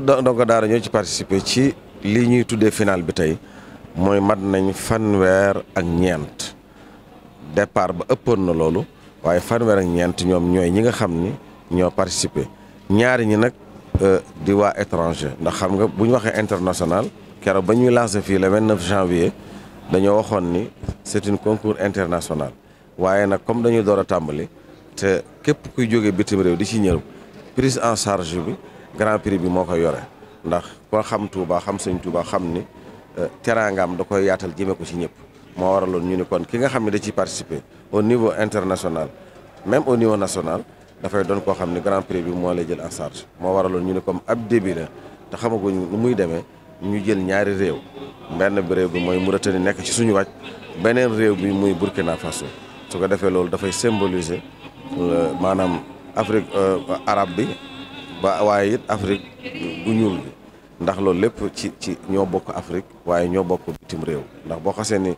ñaata ndongo daara ñoo ci participer ci lii ñuy tuddee final bi tey mooy mat nañ fanweer ak ñeent départ ba ëppoon na loolu waaye fanweer ak ñeent ñoom ñooy ñi nga xam ni ñoo participer ñaari ñi nag euh, di waa étranger ndax xam nga bu ñu waxee international keroog ba ñuy lancé fii le 29 janvier dañoo waxoon ni c'est une concours international waaye nag comme dañuy door a tàmbali te képp kuy jóge bitim réew di ci ñëw prise en charge bi. grand prix bi moo koy yore ndax koo xam Touba xam sëñ Touba xam ni euh, teraangaam da koy yaatal jëmee ko ci ñëpp moo waraloon ñu ni kon ki nga xam ne da ciy participer au niveau international même au niveau national dafay doon koo xam ne grand prix bi moo lay jël en moo waraloon ñu ni comme ab début la te xamaguñ nu muy demee ñu jël ñaari réew benn bi réew bi mooy Mauritanie nekk ci suñu wàcc beneen réew bi muy Burkina Faso su ko defee loolu dafay symboliser euh, maanaam Afrique euh, arabe bi. ba waaye it Afrique bu ñuul bi ndax loolu lépp ci ci ñoo bokk Afrique waaye ñoo bokk bitim réew ndax boo xasee ni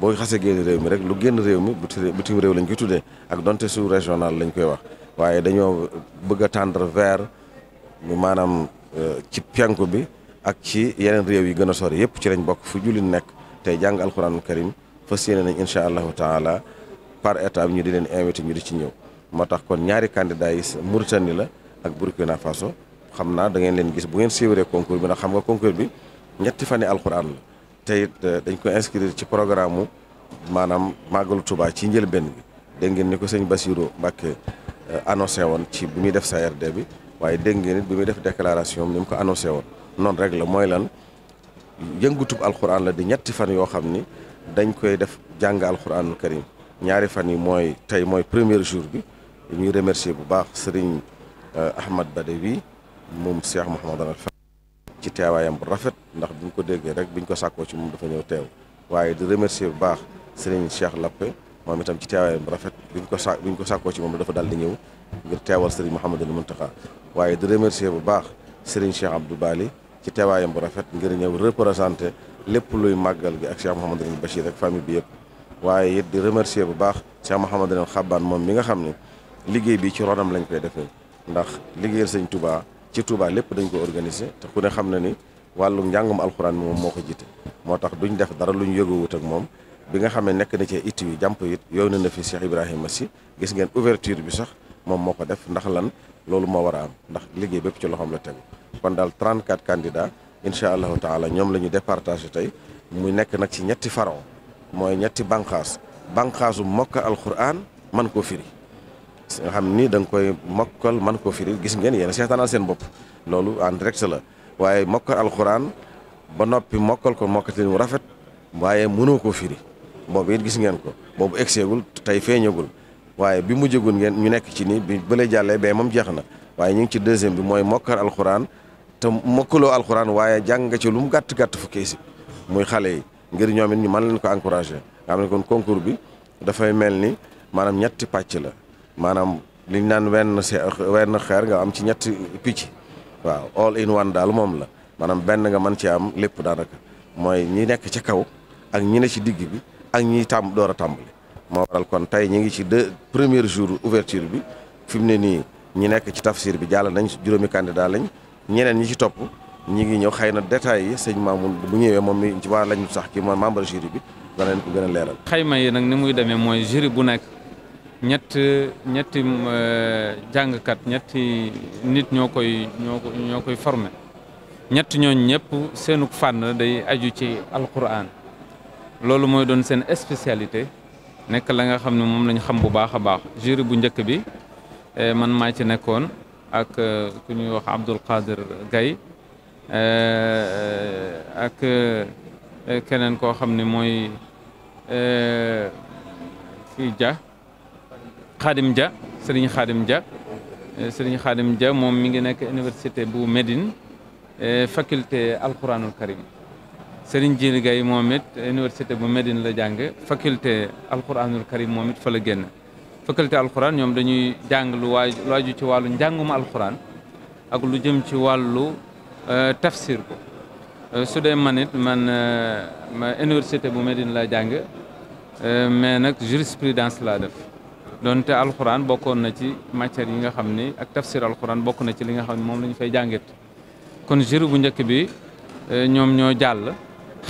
boo xasee génn réew mi rek lu génn réew mi bitim réew lañ koy tuddee ak donte su régional lañ koy wax waaye dañoo bëgg a tendre vers maanaam euh, ci penku bi ak ci yeneen réew yi gën a sori yëpp ci lañ bokk fu jullit nekk tey jàng alxuraanul karim fas yéene nañ incha allahu taala par étape ñu di leen invité ñu di ci ñëw moo tax kon ñaari candidat yi Mauritanie la. ak Burkina Faso xam naa dangeen leen gis bu ngeen suivre concours bi ndax xam nga concours bi ñetti fani alxuraan la te it euh, dañ ko inscrire ci programme mu maanaam màggalu Touba ci njëlbeen bi dégg ngeen ni ko sëñ Bassirou Mbacke euh, annoncé woon ci bi muy def CRD er bi waaye dégg ngeen bi muy def déclaration ni mu ko annoncé woon noonu rek la mooy lan yëngutub alxuraan la di ñetti fan yoo xam ni dañ koy def jàng alxuraanul karim ñaari fan yi mooy tey mooy premier jour bi ñuy remercier bu baax sëriñ Euh, Ahmad Badawi moom Cheikh Mouhamadou Al Fat ci teewaayam bu rafet ndax buñ ko déggee rek biñ ko sàkkoo ci moom dafa ñëw teew waaye di remercier bu baax Serigne Cheikh Lappe moom itam ci teewaayam bu rafet biñ ko sa biñ ko sàkkoo ci moom dafa daal di ñëw ngir teewal Serigne Mouhamadou Mountakha waaye di remercier bu baax Serigne Cheikh Abdou Bali ci teewaayam bu rafet ngir ñëw représenté lépp luy màggal gi ak Cheikh Mouhamadou Bachir rek famille bi yëpp waaye it di remercier bu baax Cheikh Mouhamadou Xabbaan moom mi nga xam ne liggéey bi ci ronam lañ koy defee ndax liggéeyal sañ Touba ci Touba lépp dañ ko organiser te ku ne xam na ni wàllu njàngum alxuraan bi moom moo ko jiite moo tax duñ def dara luñ yëgoowut ak moom bi nga xamee ne nekk na ci it yu jàmp it yow na na fi Cheikh Ibrahima si gis ngeen ouverture bi sax moom moo ko def ndax lan loolu moo war a am ndax liggéey bépp ci loxoom la tegu kon daal 34 candidats incha allahu taala ñoom la ñu départagé tey mu nekk nag ci ñetti faron mooy ñetti bànqaas bànqaasu mokk alxuraan man koo firi nga xam ni da nga koy mokkal man ko firi gis ngeen yenn seetaanal seen bopp loolu en la waaye mokkal alxuraan ba noppi mokkal ko mokkati mu rafet waaye mënoo ko firi boobu gis ngeen ko boobu egseegul tey feeñagul waaye bi mu jëgul ngeen ñu nekk ci ni bi bële jàllee bee moom jeex na waaye ñu ngi ci deuxième bi mooy mokkal alxuraan te mokkaloo alxuraan waaye jàng nga ci lu mu gàtt gàtt fukki si muy xale yi ngir ñoom it ñu mën leen ko encouragé nga xam ne kon concours bi dafay mel ni maanaam ñetti pàcc la maanaam liñ naan wenn se wenn xeer nga am ci ñetti picc waaw all in one daal moom la maanaam benn nga man ci am lépp daanaka mooy ñi nekk ci kaw ak ñi ne ci digg bi ak ñi tàmm door a tàmbali moo waral kon tey ñi ngi ci deux premier jour ouverture bi fi mu ne nii ñi nekk ci tafsir bi jàll nañ juróomi candidat lañ ñeneen ñi ci topp ñi ngi ñëw xëy na détails yi sëñ Mamoun bu ñëwee moom mi ci waa lañu sax kii moom membre jury bi dana leen ko gën a leeral. xayma yi nag ni muy demee mooy jury bu nekk. ñett ñetti euh, jàngkat ñetti nit ñoo koy ñoo koy ñoo formé ñett ñooñ ñëpp seenuk fànn day aju ci alquran loolu mooy doon seen spécialité nekk la nga xam ne moom lañ xam bu baax a baax jury bu njëkk bi euh, man maa ci nekkoon ak euh, ku ñuy wax Abdul Qadir gay ak keneen koo xam ni mooy kii ja Khadim Dia Serigne Khadim Dia eh, Serigne Khadim Dia moom mi ngi nekk université bu Médine eh, faculté alquranul karim Serigne Djili Gaye moom it université bu Médine la jàng faculté alquranul karim moom it fa la génn faculté alquran ñoom dañuy jàng lu waaju ci wàllu njànguma alquran ak lu jëm ci wàllu eh, tafsir ko su dee man it man ma université bu Médine la jàng mais nag jurisprudence laa def donte alxuraan bokkoon na ci matière yi nga xam ni ak tafsir alxuraan bokk na ci li nga xam ne moom la ñu fay jàngit kon jury bu njëkk bi eh, ñoom ñoo jàll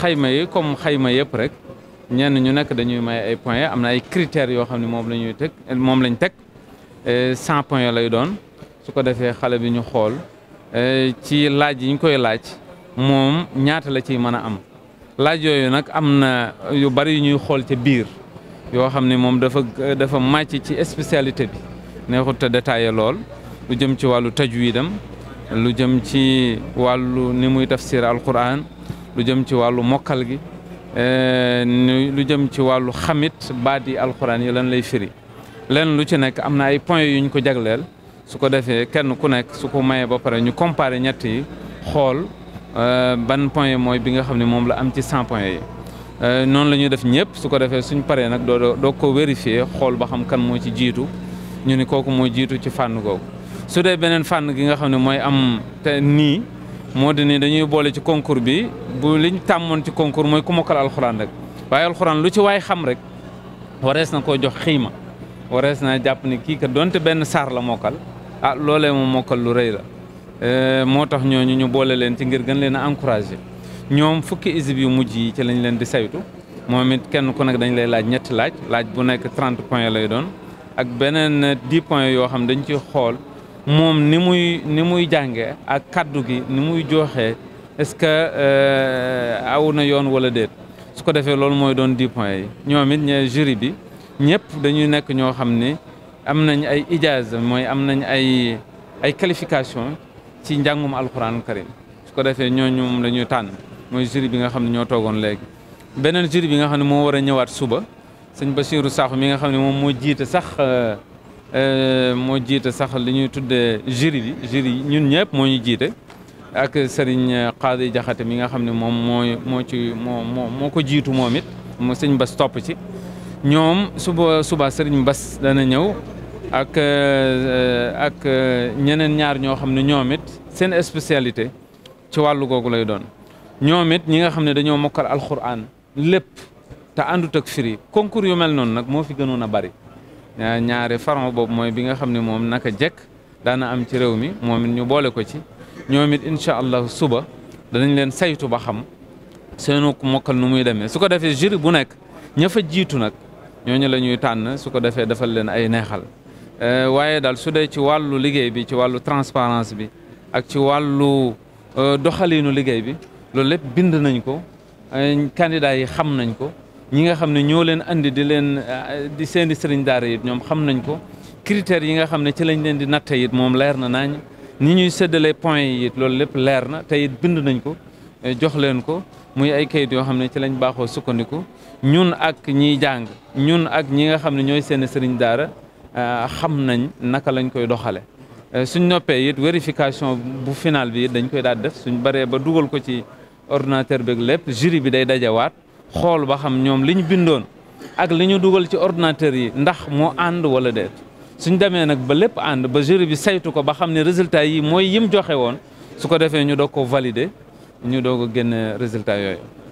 xayma yi comme xayma yëpp rek ñenn ñu nekk dañuy may ay points am na ay critères yoo xam ne moom la ñuy teg moom lañ teg eh, cent points lay doon su ko defee xale bi ñu xool eh, ci laaj yi ñu koy laaj moom ñaata la ciy mën a am laaj yooyu nag am na yu bari yu ñuy xool ci biir yoo xam ni moom dafa dafa màcc ci spécialité bi neexut a détaillé lool lu jëm ci wàllu dem lu jëm ci wàllu ni muy tafsir alquran lu jëm ci wàllu mokkal gi eh, lu jëm ci wàllu xamit baat yi alquran yi lan lay firi lenn lu ci nekk am na ay points yuñ ko jagleel su ko defee kenn ku nekk su ko mayee ba pare ñu comparer ñett yi xool eh, ban point mooy bi nga xam ne moom la am ci 100 yi Euh, noonu la ñuy def ñëpp su ko defee suñ paree nag doo doo ko vérifier xool ba xam kan moo ci jiitu ñu ni kooku moo jiitu ci fànn googu su dee beneen fànn gi nga xam ne mooy am te nii moo di ni dañuy boole ci concours bi bu liñ tàmmoon ci concours mooy ku mokkal alxuraan rek waaye alxuraan lu ci waaye xam rek warees na koo jox xiima warees na jàpp ni kii kat donte benn saar la mokkal ah loolee mu mokkal lu rey la euh, moo tax ñooñu ñu boole leen ci ngir gën leen a encouragé ñoom fukki isib yu mujj yi ci lañ leen di saytu moom it kenn ku nekk dañu lay laaj ñetti laaj laaj bu nekk 30 points lay doon ak beneen 10 points yoo xam dañ ci xool moom ni muy ni muy jàngee ak kaddu gi ni muy jooxee est-ce que euh, aw na yoon wala déet su ko defee loolu mooy doon 10 points yi ñoomit it ñe bi ñëpp dañuy nekk ñoo xam ni am nañ ay ijaaza mooy am nañ ay ay qualification ci njàngum alquran karim su ko defee ñooñu moom la ñuy tànn mooy jury bi nga xam ne ñoo toogoon léegi beneen jury bi nga xam ne moo war a ñëwaat suba sëñ Bachirou Sakho mi nga xam ne moom moo jiite sax euh, euh, moo jiite sax lañuy ñuy tuddee jury bi jury ñun ñëpp moo ñu jiite ak sëriñ Xaadi Jaxate mi nga xam ne moom moo moo ci moo moo moo ko jiitu moom it moo sëñ Bas topp ci ñoom suba suba sëriñ Bas dana ñëw ak euh, ak ñeneen ñaar ñoo xam ne ñoomit it seen spécialité ci wàllu googu lay doon ñoom it ñi nga xam ne dañoo mokkal alxuraan lépp te àndut ak firi concours yu mel noonu nag moo fi gënoon a bari ñaari faron boobu mooy bi nga xam ne moom naka jekk daana am ci réew mi moom it ñu boole ko ci ñoom it incha allah suba danañ leen saytu ba xam seenu mokkal nu muy demee su ko defee jury bu nekk ña jiitu nag ñooñu la ñuy tànn su ko defee defal leen ay neexal eh, waaye daal su dee ci wàllu liggéey bi ci wàllu transparence bi ak ci wàllu eh, doxaliinu liggéey bi loolu lépp bind nañ ko candidat yi xam nañ ko ñi nga xam ne ñoo leen indi di leen eh, di seeni sëriñ daara it ñoom xam nañ ko critères yi nga xam ne ci lañ leen di natte it moom leer na naañ ni ñuy séddalee points yi loolu lépp leer na te it bind nañ ko eh, jox leen ko muy ay kayit yoo xam ne ci lañ baaxoo sukkandiku ñun ak ñiy jàng ñun ak ñi nga xam ne ñooy seeni sëriñ daara eh, xam nañ naka lañ koy doxale suñ noppee it vérification bu final bi it dañ koy daal def suñ baree ba dugal ko ci ordinateur beeg lépp jury bi day dajawaat xool ba xam ñoom li ñu bindoon ak li ñu dugal ci ordinateur yi ndax moo ànd wala déet suñ demee nag ba lépp ànd ba jury bi saytu ko ba xam ne résultat yi mooy yim joxe woon su ko defee ñu doog ko valider ñu doog a génne résultat yooyu.